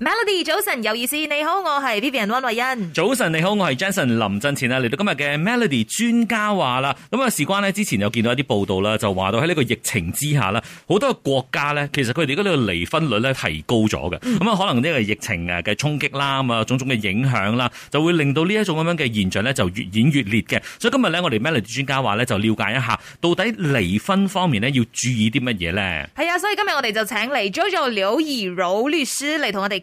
Melody 早晨，有意思，你好，我係 Vivian 溫慧恩。早晨，你好，我係 Jason 林振前啊。嚟到今日嘅 Melody 專家話啦，咁啊，事關呢之前有見到一啲報道啦，就話到喺呢個疫情之下啦，好多國家呢其實佢哋而家呢個離婚率呢提高咗嘅，咁啊，可能呢個疫情啊嘅衝擊啦，咁啊，種種嘅影響啦，就會令到呢一種咁樣嘅現象呢就越演越烈嘅，所以今日呢，我哋 Melody 專家話呢，就了解一下到底離婚方面呢要注意啲乜嘢呢？係啊，所以今日我哋就請嚟咗做李爾魯律師嚟同我哋。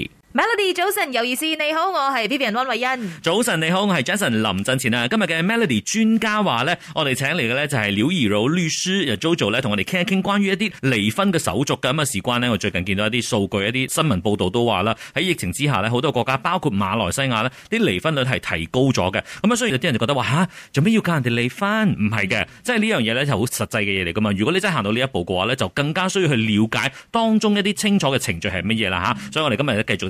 Melody 早晨尤意思，你好，我係 B B 人安慧欣。早晨你好，我係 Jason 林振前啊。今日嘅 Melody 專家話咧，我哋請嚟嘅咧就係 Lilirou 律師，又 Jojo 咧同我哋傾一傾關於一啲離婚嘅手續噶。咁啊，事關呢，我最近見到一啲數據、一啲新聞報道都話啦，喺疫情之下呢，好多國家包括馬來西亞呢，啲離婚率係提高咗嘅。咁啊，所以有啲人就覺得話吓，做咩要教人哋離婚？唔係嘅， 即係呢樣嘢咧，就好實際嘅嘢嚟噶嘛。如果你真係行到呢一步嘅話咧，就更加需要去了解當中一啲清楚嘅程序係乜嘢啦吓。所以我哋今日咧繼續。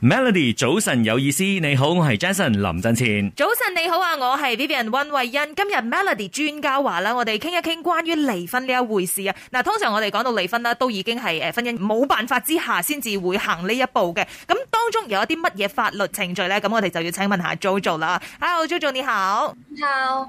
Melody 早晨有意思，你好，我係 Jason 林振前。早晨你好啊，我係 Vivian 温慧欣。今日 Melody 專家話啦，我哋傾一傾關於離婚呢一回事啊。嗱，通常我哋講到離婚啦，都已經係誒婚姻冇辦法之下先至會行呢一步嘅。咁當中有一啲乜嘢法律程序咧？咁我哋就要請問下 JoJo 啦。Hello，JoJo 你好。Hello.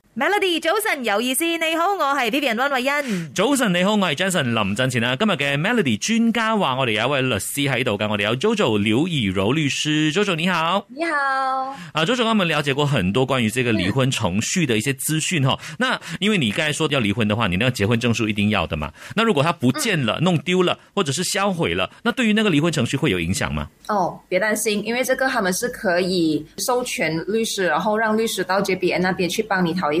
Melody，早晨有意思，你好，我是 B B N 溫慧欣。早晨你好，我是 Jason 林振前啊。今日嘅 Melody 專家話，我哋有一位律師喺度，跟我哋有 JoJo 劉以柔律師。JoJo 你好，你好。啊，JoJo，我哋了解過很多關於這個離婚程序的一些資訊哈、嗯。那因為你剛才說要離婚的話，你那個結婚證書一定要的嘛。那如果他不見了、嗯、弄丟了，或者是銷毀了，那對於那個離婚程序會有影響嗎？哦，別擔心，因為這個他們是可以授權律師，然後讓律師到 J B N 那邊去幫你討一些。